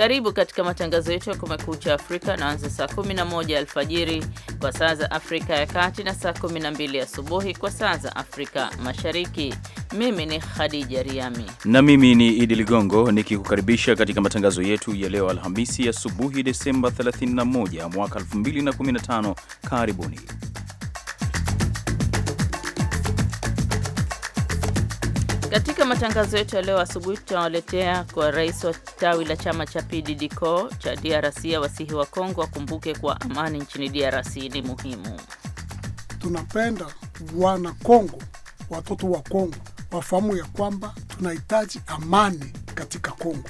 Karibu katika matangazo yetu ya kumekucha Afrika naanza saa 11 alfajiri kwa saa za Afrika ya Kati na saa 12 asubuhi kwa saa za Afrika Mashariki. Mimi ni Khadija Riami na mimi ni Idi Ligongo nikikukaribisha katika matangazo yetu ya leo Alhamisi asubuhi, Desemba 31 mwaka 2015. Karibuni. Katika matangazo yetu ya leo asubuhi, tutawaletea kwa rais wa tawi la chama cha PDDCO cha DRC wasihi wa Kongo wakumbuke kwa amani nchini DRC ni muhimu. Tunapenda wana Kongo, watoto wa Kongo wafahamu ya kwamba tunahitaji amani katika Kongo.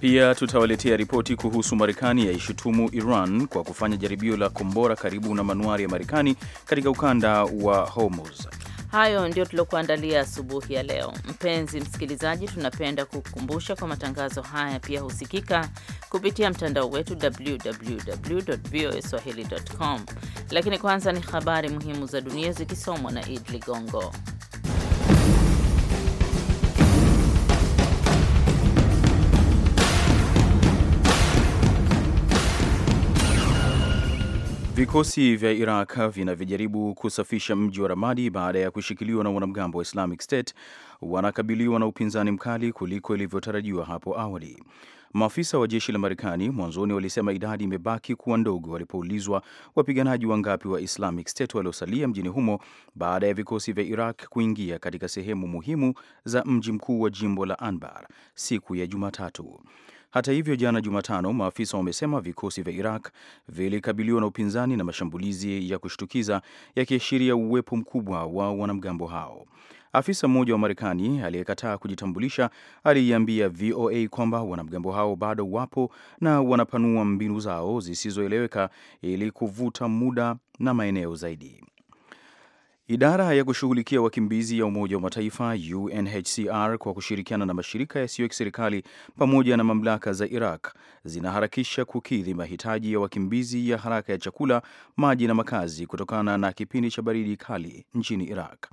Pia tutawaletea ripoti kuhusu Marekani yaishutumu Iran kwa kufanya jaribio la kombora karibu na manuari ya Marekani katika ukanda wa Hormuz. Hayo ndio tuliokuandalia asubuhi ya leo. Mpenzi msikilizaji, tunapenda kukukumbusha kwa matangazo haya pia husikika kupitia mtandao wetu www voa www.voaswahili.com. Lakini kwanza ni habari muhimu za dunia zikisomwa na Id Ligongo. Vikosi vya Iraq vinavyojaribu kusafisha mji wa Ramadi baada ya kushikiliwa na wanamgambo wa Islamic State wanakabiliwa na upinzani mkali kuliko ilivyotarajiwa hapo awali. Maafisa wa jeshi la Marekani mwanzoni walisema idadi imebaki kuwa ndogo walipoulizwa wapiganaji wangapi wa Islamic State waliosalia mjini humo baada ya vikosi vya Iraq kuingia katika sehemu muhimu za mji mkuu wa jimbo la Anbar siku ya Jumatatu. Hata hivyo, jana Jumatano, maafisa wamesema vikosi vya Iraq vilikabiliwa na upinzani na mashambulizi ya kushtukiza yakiashiria uwepo mkubwa wa wanamgambo hao. Afisa mmoja wa Marekani aliyekataa kujitambulisha aliiambia VOA kwamba wanamgambo hao bado wapo na wanapanua mbinu zao zisizoeleweka ili kuvuta muda na maeneo zaidi. Idara ya kushughulikia wakimbizi ya Umoja wa Mataifa UNHCR kwa kushirikiana na mashirika yasiyo ya kiserikali pamoja na mamlaka za Iraq zinaharakisha kukidhi mahitaji ya wakimbizi ya haraka ya chakula, maji na makazi kutokana na kipindi cha baridi kali nchini Iraq.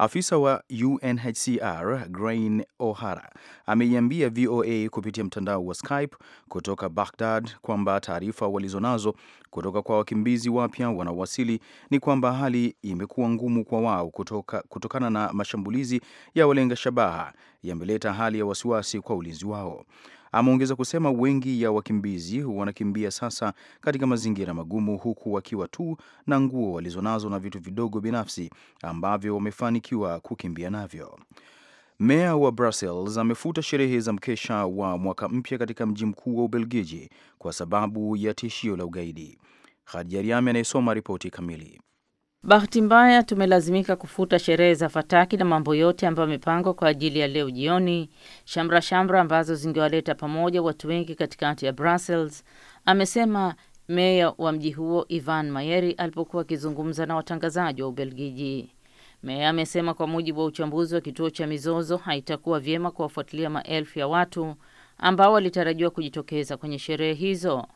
Afisa wa UNHCR Grain O'Hara ameiambia VOA kupitia mtandao wa Skype kutoka Baghdad kwamba taarifa walizonazo kutoka kwa wakimbizi wapya wanaowasili ni kwamba hali imekuwa ngumu kwa wao kutoka, kutokana na mashambulizi ya walenga shabaha yameleta hali ya wasiwasi kwa ulinzi wao. Ameongeza kusema wengi ya wakimbizi wanakimbia sasa katika mazingira magumu, huku wakiwa tu na nguo walizonazo na vitu vidogo binafsi ambavyo wamefanikiwa kukimbia navyo. Meya wa Brussels amefuta sherehe za mkesha wa mwaka mpya katika mji mkuu wa Ubelgiji kwa sababu ya tishio la ugaidi. Hadija anayesoma ripoti kamili. Bahati mbaya tumelazimika kufuta sherehe za fataki na mambo yote ambayo yamepangwa kwa ajili ya leo jioni, shamra shamra ambazo zingewaleta pamoja watu wengi katikati ya Brussels, amesema meya wa mji huo Ivan Mayeri alipokuwa akizungumza na watangazaji wa Ubelgiji. Meya amesema kwa mujibu wa uchambuzi wa kituo cha mizozo, haitakuwa vyema kuwafuatilia maelfu ya watu ambao walitarajiwa kujitokeza kwenye sherehe hizo.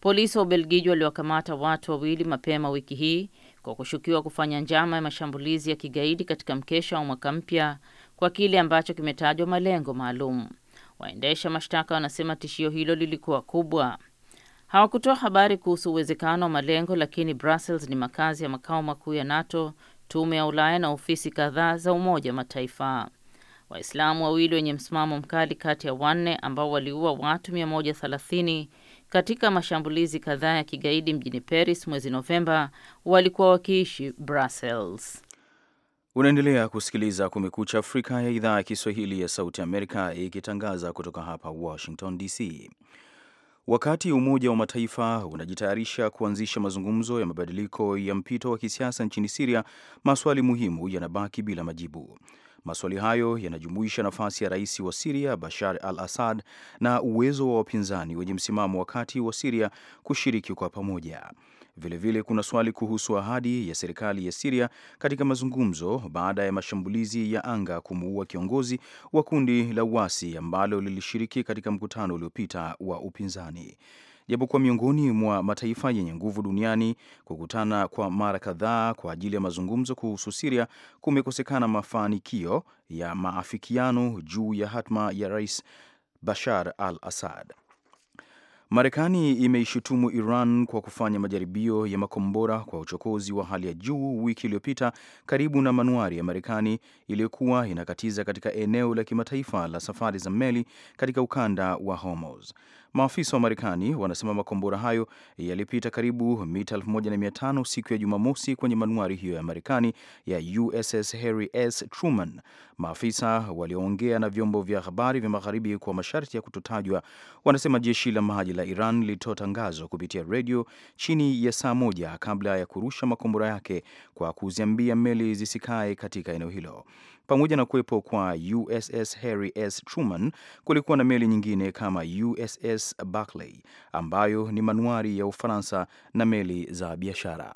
Polisi wa Ubelgiji waliwakamata watu wawili mapema wiki hii kwa kushukiwa kufanya njama ya mashambulizi ya kigaidi katika mkesha wa mwaka mpya kwa kile ambacho kimetajwa malengo maalum. Waendesha mashtaka wanasema tishio hilo lilikuwa kubwa. Hawakutoa habari kuhusu uwezekano wa malengo, lakini Brussels ni makazi ya makao makuu ya NATO, tume ya Ulaya na ofisi kadhaa za Umoja wa Mataifa. Waislamu wawili wenye msimamo mkali kati ya wanne ambao waliua watu 130 katika mashambulizi kadhaa ya kigaidi mjini Paris mwezi Novemba walikuwa wakiishi Brussels. Unaendelea kusikiliza Kumekucha Afrika ya idhaa ya Kiswahili ya Sauti Amerika ikitangaza kutoka hapa Washington DC. Wakati Umoja wa Mataifa unajitayarisha kuanzisha mazungumzo ya mabadiliko ya mpito wa kisiasa nchini Siria, maswali muhimu yanabaki bila majibu. Maswali hayo yanajumuisha nafasi ya rais wa Siria Bashar al Assad na uwezo wa wapinzani wenye msimamo wa kati wa Siria kushiriki kwa pamoja. Vilevile vile kuna swali kuhusu ahadi ya serikali ya Siria katika mazungumzo baada ya mashambulizi ya anga kumuua kiongozi wa kundi la uasi ambalo lilishiriki katika mkutano uliopita wa upinzani japokuwa miongoni mwa mataifa yenye nguvu duniani kukutana kwa mara kadhaa kwa ajili ya mazungumzo kuhusu Siria kumekosekana mafanikio ya maafikiano juu ya hatma ya Rais Bashar al-Assad. Marekani imeishutumu Iran kwa kufanya majaribio ya makombora kwa uchokozi wa hali ya juu wiki iliyopita karibu na manuari ya Marekani iliyokuwa inakatiza katika eneo la kimataifa la safari za meli katika ukanda wa Hormuz. Maafisa wa Marekani wanasema makombora hayo yalipita karibu mita 1500 siku ya Jumamosi kwenye manuari hiyo ya Marekani ya USS Harry S. Truman. Maafisa walioongea na vyombo vya habari vya magharibi kwa masharti ya kutotajwa wanasema jeshi la maji la Iran lilitoa tangazo kupitia redio chini ya saa moja kabla ya kurusha makombora yake kwa kuziambia meli zisikae katika eneo hilo. Pamoja na kuwepo kwa USS Harry S. Truman, kulikuwa na meli nyingine kama USS Barclay ambayo ni manuari ya Ufaransa na meli za biashara.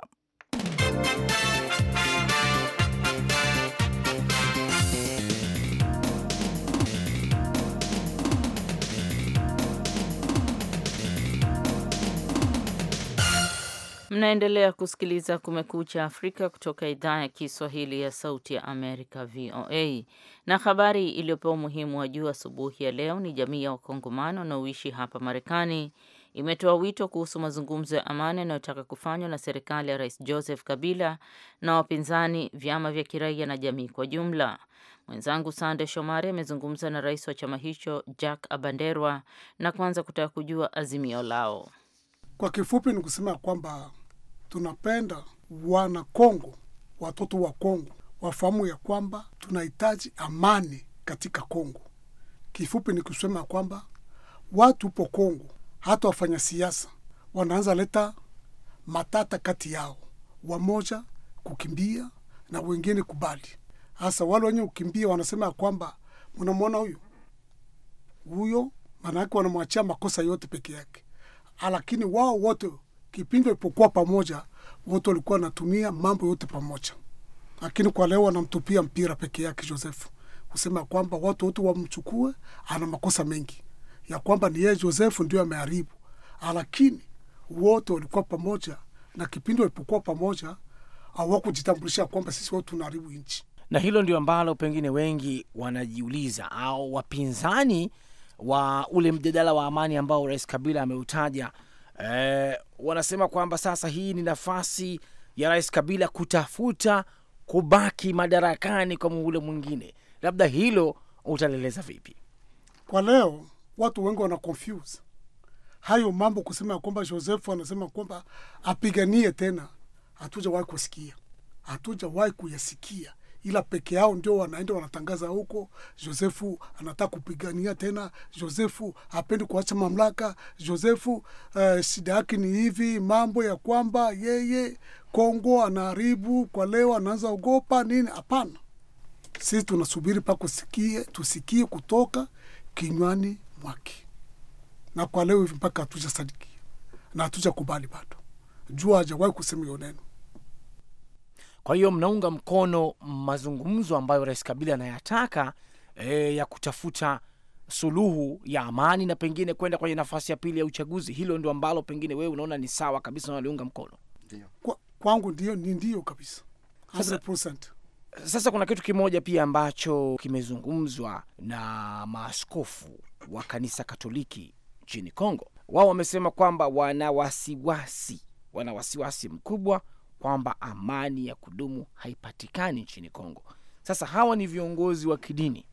Mnaendelea kusikiliza Kumekucha Afrika kutoka idhaa ya Kiswahili ya Sauti ya Amerika, VOA. Na habari iliyopewa umuhimu wa juu asubuhi ya leo ni jamii ya Wakongomano wanaoishi hapa Marekani imetoa wito kuhusu mazungumzo ya amani yanayotaka kufanywa na serikali ya Rais Joseph Kabila na wapinzani, vyama vya kiraia na jamii kwa jumla. Mwenzangu Sande Shomari amezungumza na rais wa chama hicho Jack Abanderwa na kwanza kutaka kujua azimio lao. Kwa kifupi ni kusema kwamba tunapenda wana Kongo, watoto wa Kongo wafahamu ya kwamba tunahitaji amani katika Kongo. Kifupi ni kusema kwamba watu upo Kongo, hata wafanya siasa wanaanza leta matata kati yao, wamoja kukimbia na wengine kubali. Hasa wale wenye kukimbia wanasema ya kwamba mnamwona huyo huyo, manaake wanamwachia makosa yote peke yake, lakini wao wote kipindi walipokuwa pamoja wote walikuwa wanatumia mambo yote pamoja, lakini kwa leo wanamtupia mpira peke yake Josefu, kusema kwamba watu wote wamchukue, ana makosa mengi ya kwamba ni yeye Josefu ndio ameharibu, lakini wote walikuwa pamoja, na kipindi walipokuwa pamoja hawakujitambulisha kwamba sisi watu tunaharibu nchi, na hilo ndio ambalo pengine wengi wanajiuliza au wapinzani wa ule mjadala wa amani ambao Rais Kabila ameutaja eh, wanasema kwamba sasa hii ni nafasi ya Rais Kabila kutafuta kubaki madarakani kwa muhula mwingine. Labda hilo utalieleza vipi? Kwa leo watu wengi wana confuse hayo mambo, kusema ya kwamba Josefu anasema kwamba apiganie tena, hatujawahi kusikia, hatujawahi kuyasikia ila peke yao ndio wanaenda wanatangaza huko. Josefu anataka kupigania tena, Josefu hapendi kuacha mamlaka, Josefu uh, shida yake ni hivi mambo ya kwamba yeye Kongo anaharibu kwa leo, anaanza ogopa nini? Hapana, sisi tunasubiri pa kusikie, tusikie kutoka kinywani mwake, na kwa leo hivi mpaka hatuja sadiki na hatuja kubali bado, jua hajawahi kusema hiyo neno. Kwa hiyo mnaunga mkono mazungumzo ambayo Rais Kabila anayataka e, ya kutafuta suluhu ya amani na pengine kwenda kwenye nafasi ya pili ya uchaguzi. Hilo ndio ambalo pengine wewe unaona ni sawa kabisa na waliunga mkono? kwangu ndio, ni ndio kabisa 100%. Sasa kuna kitu kimoja pia ambacho kimezungumzwa na maaskofu wa kanisa Katoliki nchini congo Wao wamesema kwamba wana wasiwasi, wana wasiwasi mkubwa kwamba amani ya kudumu haipatikani nchini Kongo. Sasa hawa ni viongozi wa kidini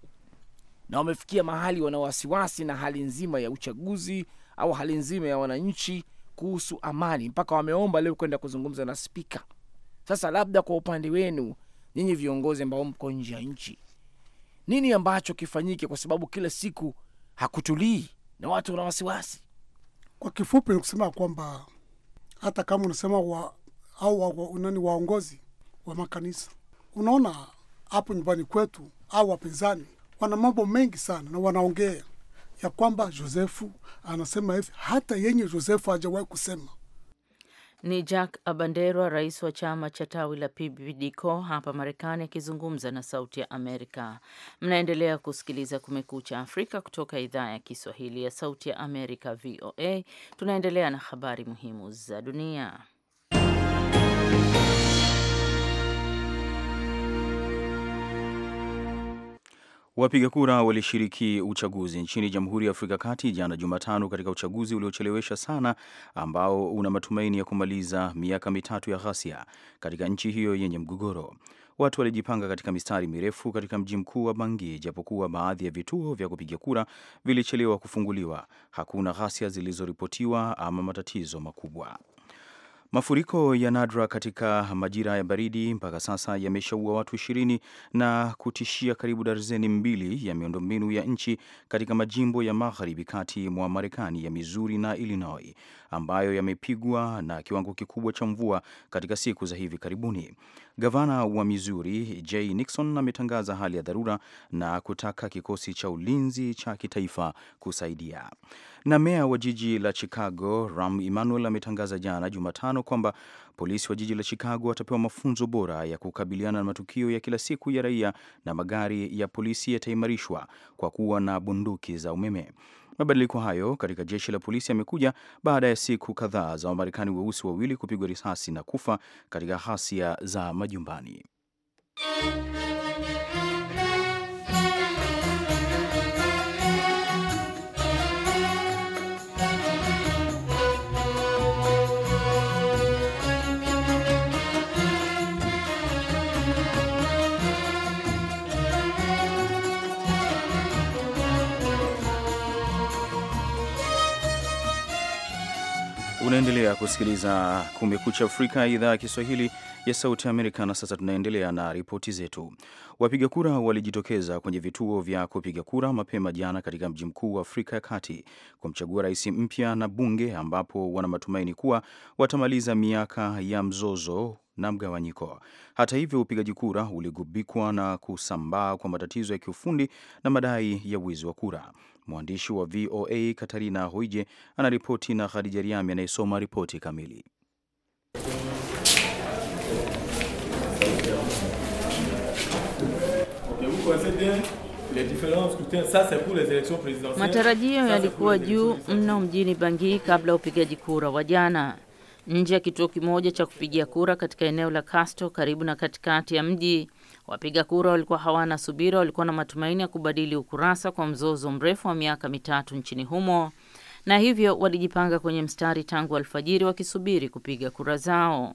na wamefikia mahali wana wasiwasi na hali nzima ya uchaguzi au hali nzima ya wananchi kuhusu amani, mpaka wameomba leo kwenda kuzungumza na spika. Sasa labda kwa upande wenu nyinyi viongozi ambao mko nje ya nchi, nini ambacho kifanyike? Kwa sababu kila siku hakutulii na watu wana wasiwasi. Kwa kifupi ni kusema kwamba hata kama unasema wa au wa, nani waongozi wa makanisa. Unaona hapo nyumbani kwetu au wapinzani wana mambo mengi sana, na wanaongea ya kwamba Josefu anasema hivi, hata yenye Josefu hajawahi kusema. Ni Jack Abanderwa, rais wa chama cha tawi la PBDCO hapa Marekani, akizungumza na Sauti ya Amerika. Mnaendelea kusikiliza Kumekucha Afrika kutoka idhaa ya Kiswahili ya Sauti ya Amerika, VOA. Tunaendelea na habari muhimu za dunia. Wapiga kura walishiriki uchaguzi nchini Jamhuri ya Afrika ya Kati jana Jumatano, katika uchaguzi uliochelewesha sana ambao una matumaini ya kumaliza miaka mitatu ya ghasia katika nchi hiyo yenye mgogoro. Watu walijipanga katika mistari mirefu katika mji mkuu wa Bangi, japokuwa baadhi ya vituo vya kupiga kura vilichelewa kufunguliwa. Hakuna ghasia zilizoripotiwa ama matatizo makubwa. Mafuriko ya nadra katika majira ya baridi mpaka sasa yameshaua watu ishirini na kutishia karibu darzeni mbili ya miundombinu ya nchi katika majimbo ya magharibi kati mwa Marekani ya Missouri na Illinois ambayo yamepigwa na kiwango kikubwa cha mvua katika siku za hivi karibuni. Gavana wa Missouri Jay Nixon ametangaza hali ya dharura na kutaka kikosi cha ulinzi cha kitaifa kusaidia. Na meya wa jiji la Chicago Rahm Emanuel ametangaza jana Jumatano kwamba polisi wa jiji la Chicago watapewa mafunzo bora ya kukabiliana na matukio ya kila siku ya raia na magari ya polisi yataimarishwa kwa kuwa na bunduki za umeme. Mabadiliko hayo katika jeshi la polisi yamekuja baada ya siku kadhaa za Wamarekani weusi wawili kupigwa risasi na kufa katika ghasia za majumbani. Unaendelea kusikiliza Kumekucha Afrika, idhaa ya Kiswahili ya Sauti Amerika. Na sasa tunaendelea na ripoti zetu. Wapiga kura walijitokeza kwenye vituo vya kupiga kura mapema jana katika mji mkuu wa Afrika ya Kati kumchagua rais mpya na bunge, ambapo wana matumaini kuwa watamaliza miaka ya mzozo na mgawanyiko. Hata hivyo, upigaji kura uligubikwa na kusambaa kwa matatizo ya kiufundi na madai ya wizi wa kura. Mwandishi wa VOA Katarina Huije anaripoti na Khadija Riami anayesoma ripoti kamili. Matarajio yalikuwa juu mno mjini Bangui kabla ya upigaji kura wa jana. Nje ya kituo kimoja cha kupigia kura katika eneo la Castro karibu na katikati ya mji Wapiga kura walikuwa hawana subira, walikuwa na matumaini ya kubadili ukurasa kwa mzozo mrefu wa miaka mitatu nchini humo, na hivyo walijipanga kwenye mstari tangu alfajiri wakisubiri kupiga kura zao.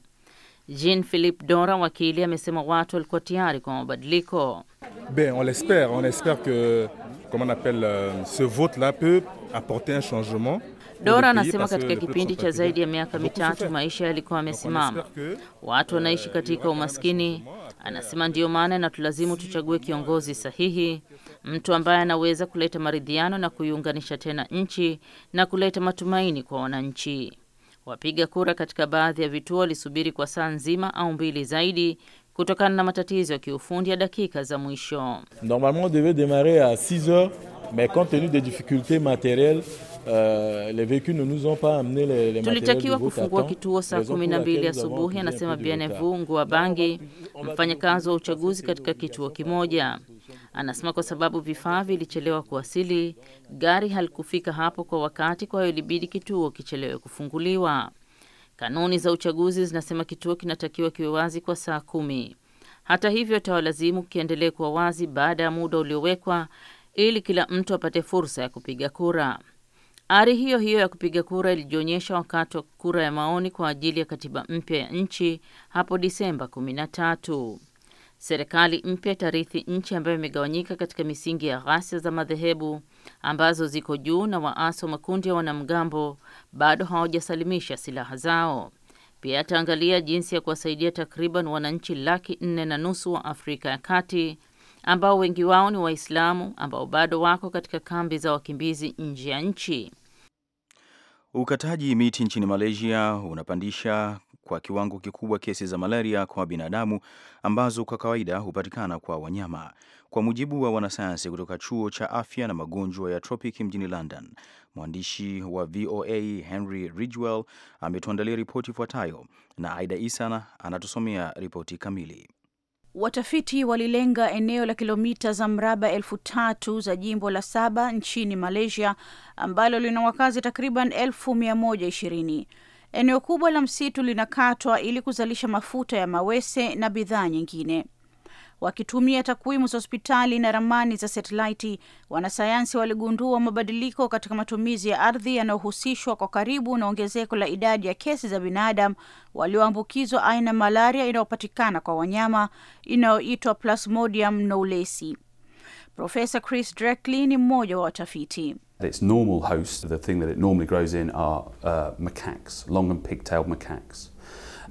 Jean philip Dora, wakili, amesema watu walikuwa tayari kwa mabadiliko. Ben, on on que comment on appelle euh, ce vote peut apporter un changement Dora anasema katika kipindi cha zaidi ya miaka mitatu maisha yalikuwa yamesimama, watu wanaishi euh, katika umaskini, Anasema ndiyo maana inatulazimu tuchague kiongozi sahihi, mtu ambaye anaweza kuleta maridhiano na kuiunganisha tena nchi na kuleta matumaini kwa wananchi. Wapiga kura katika baadhi ya vituo walisubiri kwa saa nzima au mbili zaidi kutokana na matatizo ya kiufundi ya dakika za mwisho. Normalement devait a 6 heures mais compte tenu des difficultés materielles Euh, les véhicules ne nous ont pas amené les, les tulitakiwa kufungua kituo saa kumi na mbili asubuhi, anasema Bianevu Ngua Bangi, mfanyakazi wa uchaguzi katika kituo kimoja. Anasema kwa sababu vifaa vilichelewa kuwasili, gari halikufika hapo kwa wakati, kwa hiyo ilibidi kituo kichelewe kufunguliwa. Kanuni za uchaguzi zinasema kituo kinatakiwa kiwe wazi kwa saa kumi. Hata hivyo, tawalazimu kiendelee kuwa wazi baada ya muda uliowekwa ili kila mtu apate fursa ya kupiga kura. Ari hiyo hiyo ya kupiga kura ilijionyesha wakati wa kura ya maoni kwa ajili ya katiba mpya ya nchi hapo Disemba 13. Serikali mpya itarithi nchi ambayo imegawanyika katika misingi ya ghasia za madhehebu ambazo ziko juu na waasi wa makundi ya wanamgambo bado hawajasalimisha silaha zao. Pia ataangalia jinsi ya kuwasaidia takriban wananchi laki nne na nusu wa Afrika ya Kati ambao wengi wao ni Waislamu ambao bado wako katika kambi za wakimbizi nje ya nchi. Ukataji miti nchini Malaysia unapandisha kwa kiwango kikubwa kesi za malaria kwa binadamu ambazo kwa kawaida hupatikana kwa wanyama. Kwa mujibu wa wanasayansi kutoka chuo cha afya na magonjwa ya tropic mjini London, mwandishi wa VOA Henry Ridgwell ametuandalia ripoti ifuatayo na Aida Isa anatusomea ripoti kamili. Watafiti walilenga eneo la kilomita za mraba elfu tatu za jimbo la saba nchini Malaysia ambalo lina wakazi takriban elfu mia moja ishirini. Eneo kubwa la msitu linakatwa ili kuzalisha mafuta ya mawese na bidhaa nyingine. Wakitumia takwimu za hospitali na ramani za satelaiti, wanasayansi waligundua mabadiliko katika matumizi ya ardhi yanayohusishwa kwa karibu na ongezeko la idadi ya kesi za binadamu walioambukizwa aina malaria inayopatikana kwa wanyama inayoitwa Plasmodium knowlesi. Profesa Chris Dreckley ni mmoja wa watafiti. Its normal host, the thing that it normally grows in are uh, macaques, long and pigtailed macaques.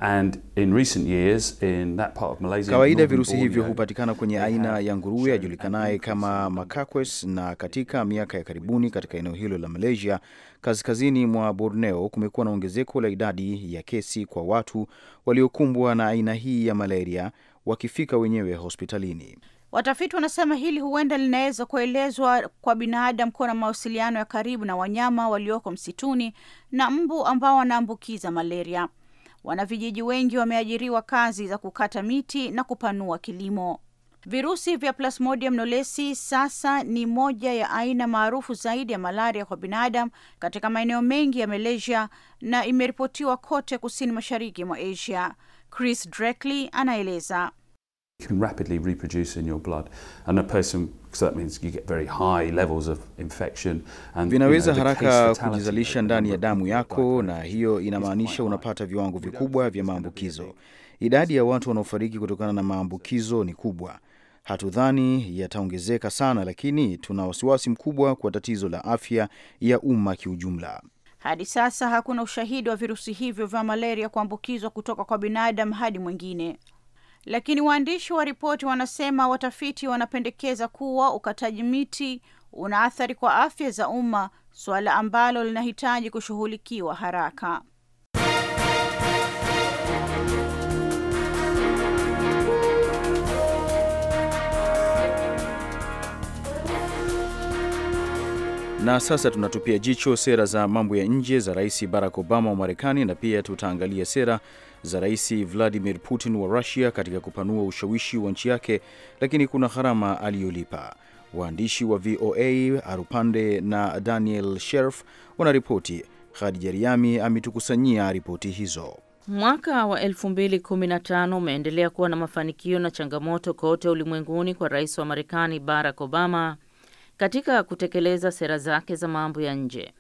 And in recent years, in that part of Malaysia, kawaida virusi hivyo hupatikana kwenye aina ya nguruwe ajulikanaye kama macaques na katika miaka ya karibuni katika eneo hilo la Malaysia kaskazini mwa Borneo kumekuwa na ongezeko la idadi ya kesi kwa watu waliokumbwa na aina hii ya malaria wakifika wenyewe hospitalini. Watafiti wanasema hili huenda linaweza kuelezwa kwa binadamu kuwa na mawasiliano ya karibu na wanyama walioko msituni na mbu ambao wanaambukiza malaria wanavijiji wengi wameajiriwa kazi za kukata miti na kupanua kilimo. Virusi vya Plasmodium nolesi sasa ni moja ya aina maarufu zaidi ya malaria kwa binadamu katika maeneo mengi ya Malaysia na imeripotiwa kote kusini mashariki mwa Asia. Chris Dreckley anaeleza you can rapidly reproduce in your blood. And a person, so that means you get very high levels of infection and, vinaweza you know, haraka kujizalisha ndani ya damu yako, na hiyo inamaanisha unapata viwango vikubwa vya maambukizo. Idadi ya watu wanaofariki kutokana na maambukizo ni kubwa. Hatudhani yataongezeka sana, lakini tuna wasiwasi mkubwa kwa tatizo la afya ya umma kiujumla. Hadi sasa hakuna ushahidi wa virusi hivyo vya malaria kuambukizwa kutoka kwa binadamu hadi mwingine. Lakini waandishi wa ripoti wanasema watafiti wanapendekeza kuwa ukataji miti una athari kwa afya za umma, suala ambalo linahitaji kushughulikiwa haraka. Na sasa tunatupia jicho sera za mambo ya nje za Rais Barack Obama wa Marekani, na pia tutaangalia sera za Rais Vladimir Putin wa Rusia katika kupanua ushawishi wa nchi yake, lakini kuna gharama aliyolipa. Waandishi wa VOA Arupande na Daniel Sherf wanaripoti. Khadija Riami ametukusanyia ripoti hizo. Mwaka wa 2015 umeendelea kuwa na mafanikio na changamoto kote ulimwenguni kwa rais wa Marekani Barack Obama katika kutekeleza sera zake za mambo ya nje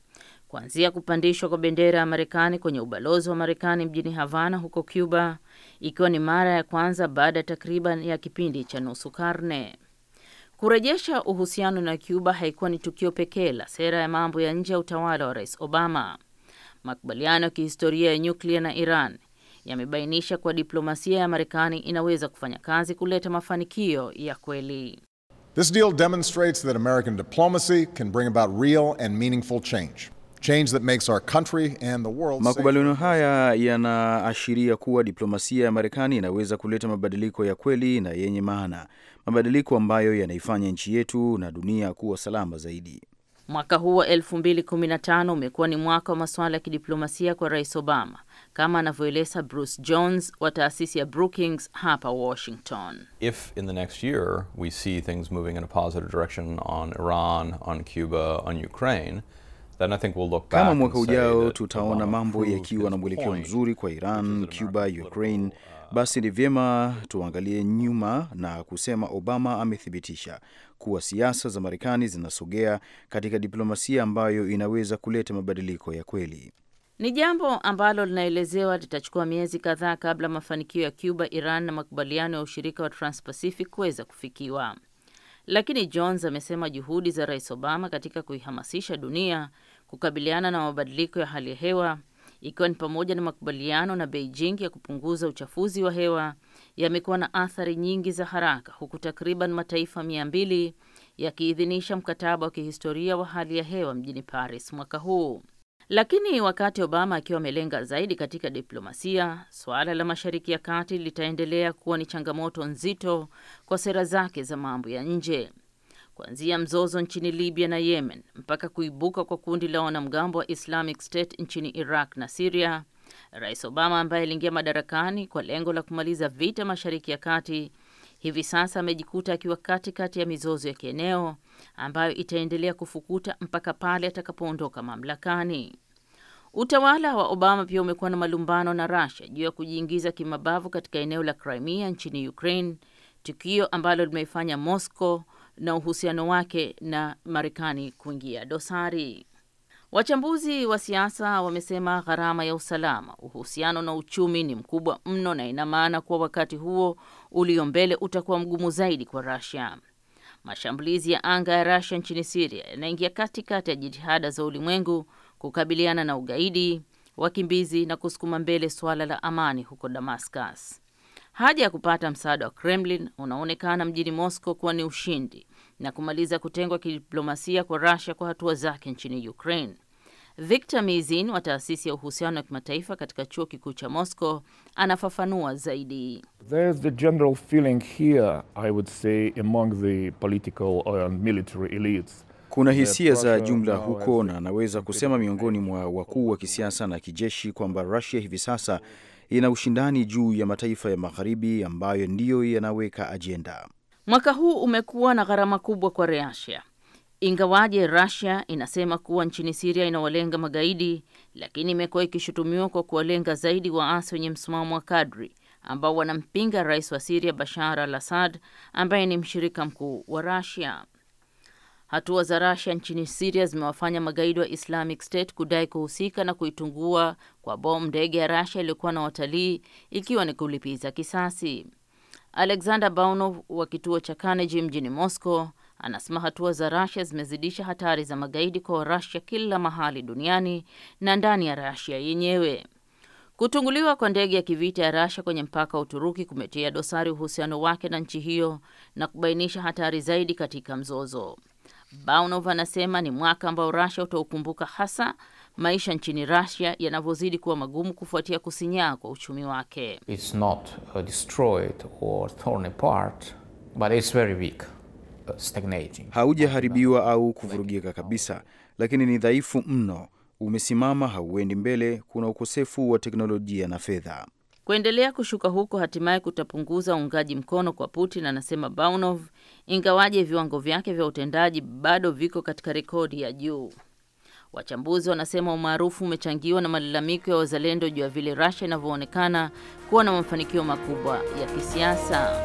kuanzia kupandishwa kwa bendera ya Marekani kwenye ubalozi wa Marekani mjini Havana huko Cuba, ikiwa ni mara ya kwanza baada ya takriban ya kipindi cha nusu karne. Kurejesha uhusiano na Cuba haikuwa ni tukio pekee la sera ya mambo ya nje ya utawala wa Rais Obama. Makubaliano ya kihistoria ya nyuklia na Iran yamebainisha kuwa diplomasia ya Marekani inaweza kufanya kazi kuleta mafanikio ya kweli. This deal demonstrates that American diplomacy can bring about real and meaningful change. Change that makes our country and the world. Makubaliano haya yanaashiria kuwa diplomasia ya Marekani inaweza kuleta mabadiliko ya kweli na yenye maana, mabadiliko ambayo yanaifanya nchi yetu na dunia kuwa salama zaidi. Mwaka huu wa 215 umekuwa ni mwaka wa masuala ya kidiplomasia kwa Rais Obama, kama anavyoeleza Bruce Jones wa taasisi ya Brookings hapa Washington. If in the next year we see things moving in a positive direction on Iran, on Cuba, on Ukraine kama mwaka ujao tutaona mambo yakiwa na mwelekeo mzuri kwa Iran, Cuba, Ukraine, basi ni vyema tuangalie nyuma na kusema Obama amethibitisha kuwa siasa za Marekani zinasogea katika diplomasia ambayo inaweza kuleta mabadiliko ya kweli. Ni jambo ambalo linaelezewa litachukua miezi kadhaa kabla mafanikio ya Cuba, Iran na makubaliano ya ushirika wa Transpacific kuweza kufikiwa. Lakini Jones amesema juhudi za Rais Obama katika kuihamasisha dunia kukabiliana na mabadiliko ya hali ya hewa ikiwa ni pamoja na makubaliano na Beijing ya kupunguza uchafuzi wa hewa yamekuwa na athari nyingi za haraka huku takriban mataifa mia mbili yakiidhinisha mkataba wa kihistoria wa hali ya hewa mjini Paris mwaka huu. Lakini wakati Obama akiwa amelenga zaidi katika diplomasia, suala la Mashariki ya Kati litaendelea kuwa ni changamoto nzito kwa sera zake za mambo ya nje kuanzia mzozo nchini Libya na Yemen mpaka kuibuka kwa kundi la wanamgambo wa Islamic State nchini Iraq na Siria. Rais Obama ambaye aliingia madarakani kwa lengo la kumaliza vita Mashariki ya Kati hivi sasa amejikuta akiwa katikati ya mizozo ya kieneo ambayo itaendelea kufukuta mpaka pale atakapoondoka mamlakani. Utawala wa Obama pia umekuwa na malumbano na Russia juu ya kujiingiza kimabavu katika eneo la Crimea nchini Ukraine, tukio ambalo limeifanya Moscow na uhusiano wake na Marekani kuingia dosari. Wachambuzi wa siasa wamesema gharama ya usalama, uhusiano na uchumi ni mkubwa mno, na ina maana kuwa wakati huo ulio mbele utakuwa mgumu zaidi kwa rusia Mashambulizi ya anga ya rasia nchini siria yanaingia katikati ya jitihada za ulimwengu kukabiliana na ugaidi, wakimbizi na kusukuma mbele suala la amani huko Damascus. Haja ya kupata msaada wa Kremlin unaonekana mjini Moscow kuwa ni ushindi na kumaliza kutengwa kidiplomasia kwa rasia kwa hatua zake nchini Ukraine. Victor Mizin wa taasisi ya uhusiano wa kimataifa katika chuo kikuu cha Moscow anafafanua zaidi. There's the general feeling here, I would say, among the political and military elites. Kuna hisia za jumla huko na anaweza kusema miongoni mwa wakuu wa kisiasa na kijeshi kwamba Russia hivi sasa ina ushindani juu ya mataifa ya magharibi ambayo ndiyo yanaweka ajenda. Mwaka huu umekuwa na gharama kubwa kwa Russia. Ingawaje Russia inasema kuwa nchini Syria inawalenga magaidi, lakini imekuwa ikishutumiwa kwa kuwalenga zaidi waasi wenye msimamo wa kadri ambao wanampinga rais wa Syria Bashar al-Assad ambaye ni mshirika mkuu wa Russia. Hatua za Russia nchini Syria zimewafanya magaidi wa Islamic State kudai kuhusika na kuitungua kwa bomu ndege ya Russia iliyokuwa na watalii ikiwa ni kulipiza kisasi. Alexander Baunov wa kituo cha Carnegie mjini Moscow anasema hatua za Russia zimezidisha hatari za magaidi kwa rasia kila mahali duniani na ndani ya Russia yenyewe. Kutunguliwa kwa ndege ya kivita ya Russia kwenye mpaka wa Uturuki kumetia dosari uhusiano wake na nchi hiyo na kubainisha hatari zaidi katika mzozo. Baunov anasema ni mwaka ambao Russia utaukumbuka hasa maisha nchini Russia yanavyozidi kuwa magumu kufuatia kusinyaa kwa uchumi wake. It's not uh, destroyed or torn apart, but it's very weak, uh, stagnating. Haujaharibiwa au kuvurugika kabisa, lakini ni dhaifu mno, umesimama, hauendi mbele, kuna ukosefu wa teknolojia na fedha. Kuendelea kushuka huko hatimaye kutapunguza uungaji mkono kwa Putin, anasema Baunov, ingawaje viwango vyake vya utendaji bado viko katika rekodi ya juu. Wachambuzi wanasema umaarufu umechangiwa na malalamiko ya wazalendo juu ya vile Russia inavyoonekana kuwa na mafanikio makubwa ya kisiasa.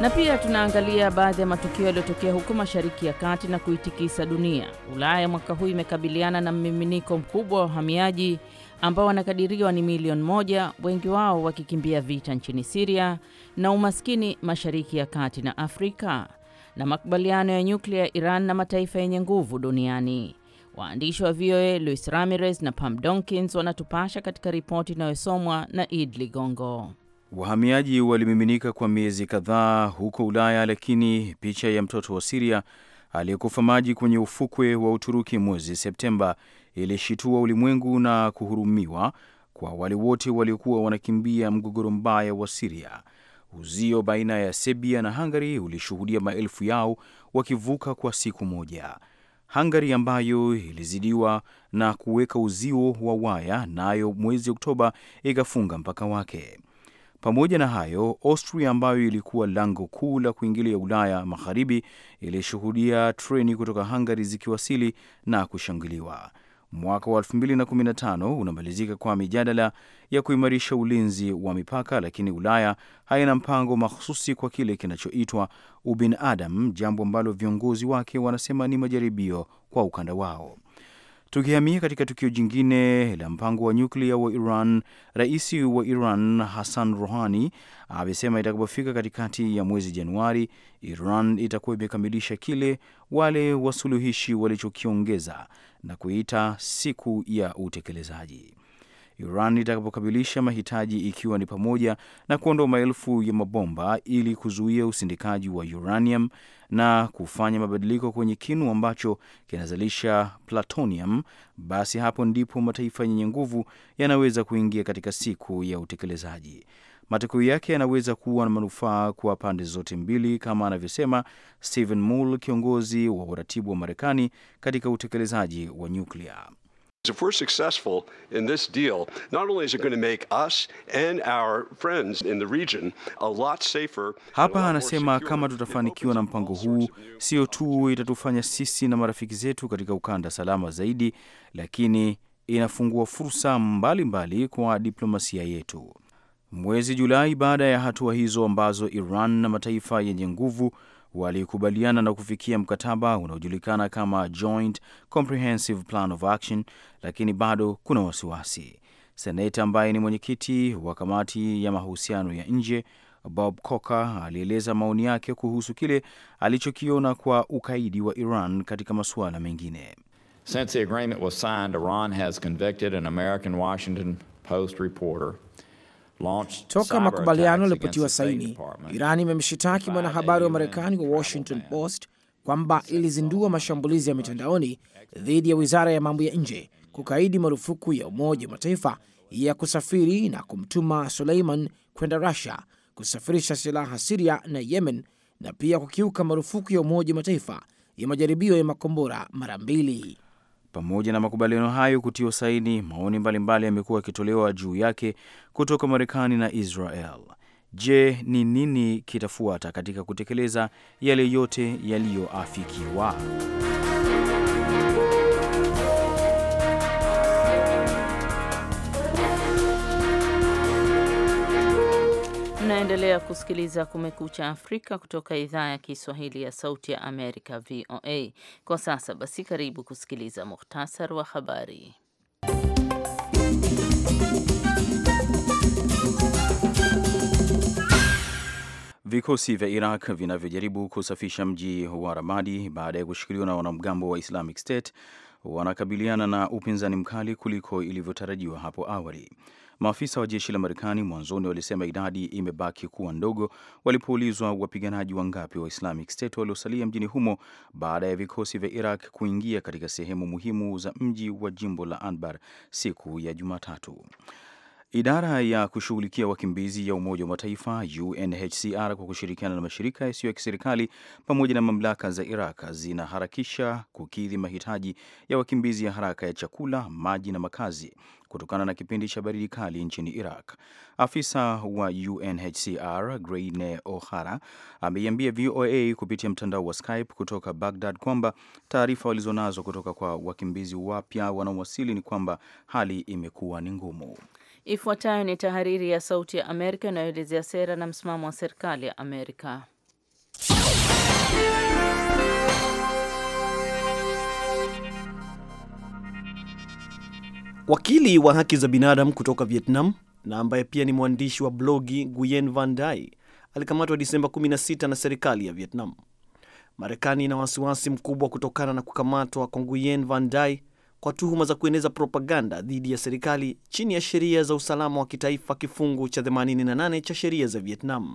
Na pia tunaangalia baadhi ya matukio yaliyotokea huko Mashariki ya Kati na kuitikisa dunia. Ulaya mwaka huu imekabiliana na mmiminiko mkubwa wa wahamiaji ambao wanakadiriwa ni milioni moja, wengi wao wakikimbia vita nchini Siria na umaskini Mashariki ya Kati na Afrika na makubaliano ya nyuklia ya Iran na mataifa yenye nguvu duniani. Waandishi wa VOA Luis Ramirez na Pam Donkins wanatupasha katika ripoti inayosomwa na Id Ligongo. Wahamiaji walimiminika kwa miezi kadhaa huko Ulaya, lakini picha ya mtoto wa Siria aliyekufa maji kwenye ufukwe wa Uturuki mwezi Septemba ilishitua ulimwengu na kuhurumiwa kwa wale wote waliokuwa wanakimbia mgogoro mbaya wa Siria. Uzio baina ya Serbia na Hungary ulishuhudia maelfu yao wakivuka kwa siku moja. Hungary ambayo ilizidiwa na kuweka uzio wa waya, nayo na mwezi Oktoba ikafunga mpaka wake. Pamoja na hayo, Austria ambayo ilikuwa lango kuu la kuingilia Ulaya Magharibi ilishuhudia treni kutoka Hungary zikiwasili na kushangiliwa mwaka wa 2015 unamalizika kwa mijadala ya kuimarisha ulinzi wa mipaka, lakini Ulaya haina mpango mahususi kwa kile kinachoitwa ubinadam jambo ambalo viongozi wake wanasema ni majaribio kwa ukanda wao. Tukihamia katika tukio jingine la mpango wa nyuklia wa Iran, rais wa Iran Hassan Rouhani amesema itakapofika katikati ya mwezi Januari, Iran itakuwa imekamilisha kile wale wasuluhishi walichokiongeza na kuita siku ya utekelezaji. Iran itakapokamilisha mahitaji ikiwa ni pamoja na kuondoa maelfu ya mabomba ili kuzuia usindikaji wa uranium na kufanya mabadiliko kwenye kinu ambacho kinazalisha plutonium, basi hapo ndipo mataifa yenye nguvu yanaweza kuingia katika siku ya utekelezaji matokeo yake yanaweza kuwa na manufaa kwa pande zote mbili, kama anavyosema Stephen Mull, kiongozi wa uratibu wa Marekani katika utekelezaji wa nyuklia. If we're successful in this deal, not only is it going to make us and our friends in the region a lot safer. Hapa anasema kama tutafanikiwa na mpango huu, sio tu itatufanya sisi na marafiki zetu katika ukanda salama zaidi, lakini inafungua fursa mbalimbali mbali kwa diplomasia yetu mwezi Julai baada ya hatua hizo ambazo Iran na mataifa yenye nguvu walikubaliana na kufikia mkataba unaojulikana kama Joint Comprehensive Plan of Action, lakini bado kuna wasiwasi. Seneta ambaye ni mwenyekiti wa kamati ya mahusiano ya nje Bob Coker alieleza maoni yake kuhusu kile alichokiona kwa ukaidi wa Iran katika masuala mengine. Since the agreement was signed, Iran has convicted an American Washington Post reporter Toka makubaliano yalipotiwa saini, iran imemshitaki mwanahabari wa Marekani wa Washington Post kwamba ilizindua mashambulizi ya mitandaoni dhidi ya wizara ya mambo ya nje, kukaidi marufuku ya Umoja wa Mataifa ya kusafiri na kumtuma Suleiman kwenda Rusia kusafirisha silaha Siria na Yemen, na pia kukiuka marufuku ya Umoja wa Mataifa ya majaribio ya makombora mara mbili. Pamoja na makubaliano hayo kutiwa saini, maoni mbalimbali yamekuwa yakitolewa juu yake kutoka Marekani na Israel. Je, ni nini kitafuata katika kutekeleza yale yote yaliyoafikiwa? Unaendelea kusikiliza Kumekucha Afrika kutoka idhaa ya Kiswahili ya Sauti ya Amerika, VOA. Kwa sasa basi, karibu kusikiliza muhtasar wa habari. Vikosi vya Iraq vinavyojaribu kusafisha mji wa Ramadi baada ya kushikiliwa na wanamgambo wa Islamic State wanakabiliana na upinzani mkali kuliko ilivyotarajiwa hapo awali. Maafisa wa jeshi la Marekani mwanzoni walisema idadi imebaki kuwa ndogo walipoulizwa wapiganaji wangapi wa Islamic State waliosalia mjini humo baada ya vikosi vya Iraq kuingia katika sehemu muhimu za mji wa jimbo la Anbar siku ya Jumatatu. Idara ya kushughulikia wakimbizi ya Umoja wa Mataifa UNHCR kwa kushirikiana na mashirika yasiyo ya kiserikali pamoja na mamlaka za Iraq zinaharakisha kukidhi mahitaji ya wakimbizi ya haraka ya chakula, maji na makazi kutokana na kipindi cha baridi kali nchini Iraq. Afisa wa UNHCR greine O'Hara ameiambia VOA kupitia mtandao wa Skype kutoka Baghdad kwamba taarifa walizonazo kutoka kwa wakimbizi wapya wanaowasili ni kwamba hali imekuwa ni ngumu. Ifuatayo ni tahariri ya Sauti ya Amerika inayoelezea sera na msimamo wa serikali ya Amerika. Wakili wa haki za binadamu kutoka Vietnam na ambaye pia ni mwandishi wa blogi Nguyen Van Dai alikamatwa Disemba 16 na serikali ya Vietnam. Marekani ina wasiwasi mkubwa kutokana na kukamatwa kwa Nguyen Van Dai kwa tuhuma za kueneza propaganda dhidi ya serikali chini ya sheria za usalama wa kitaifa kifungu cha 88 cha sheria za Vietnam.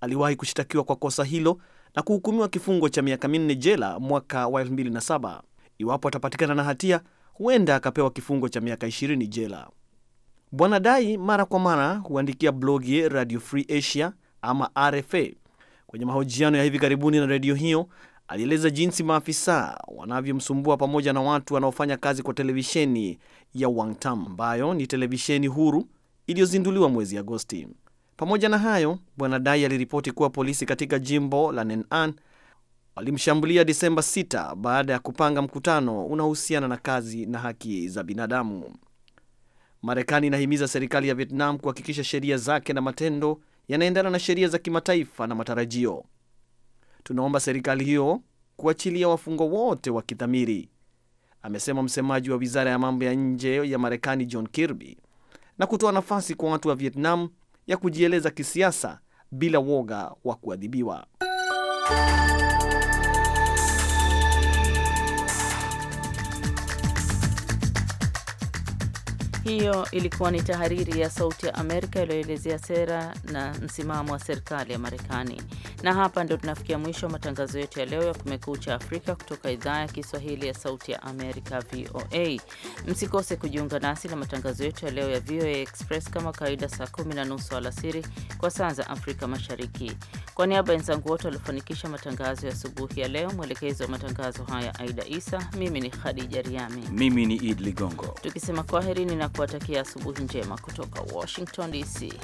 Aliwahi kushtakiwa kwa kosa hilo na kuhukumiwa kifungo cha miaka minne jela mwaka wa 2007. Iwapo atapatikana na hatia, huenda akapewa kifungo cha miaka 20 jela. Bwana Dai mara kwa mara huandikia blogi Radio Free Asia ama RFA. Kwenye mahojiano ya hivi karibuni na redio hiyo alieleza jinsi maafisa wanavyomsumbua pamoja na watu wanaofanya kazi kwa televisheni ya Wangtam ambayo ni televisheni huru iliyozinduliwa mwezi Agosti. Pamoja na hayo, Bwana Dai aliripoti kuwa polisi katika jimbo la Nenan walimshambulia Desemba 6 baada ya kupanga mkutano unaohusiana na kazi na haki za binadamu. Marekani inahimiza serikali ya Vietnam kuhakikisha sheria zake na matendo yanaendana na sheria za kimataifa na matarajio tunaomba serikali hiyo kuachilia wafungwa wote wa kidhamiri, amesema msemaji wa wizara ya mambo ya nje ya Marekani John Kirby, na kutoa nafasi kwa watu wa Vietnam ya kujieleza kisiasa bila woga wa kuadhibiwa. Hiyo ilikuwa ni tahariri ya Sauti ya Amerika iliyoelezea sera na msimamo wa serikali ya Marekani. Na hapa ndio tunafikia mwisho wa matangazo yetu ya leo ya Kumekucha Afrika kutoka idhaa ya Kiswahili ya Sauti ya Amerika, VOA. Msikose kujiunga nasi na matangazo yetu ya leo ya VOA Express kama kawaida, saa kumi na nusu alasiri kwa saa za Afrika Mashariki. Kwa niaba ya wenzangu wote waliofanikisha matangazo ya asubuhi ya leo, mwelekezi wa matangazo haya Aida Isa, mimi ni Khadija Riami, mimi ni Id Ligongo, tukisema kwaherini na kuwatakia asubuhi njema kutoka Washington DC.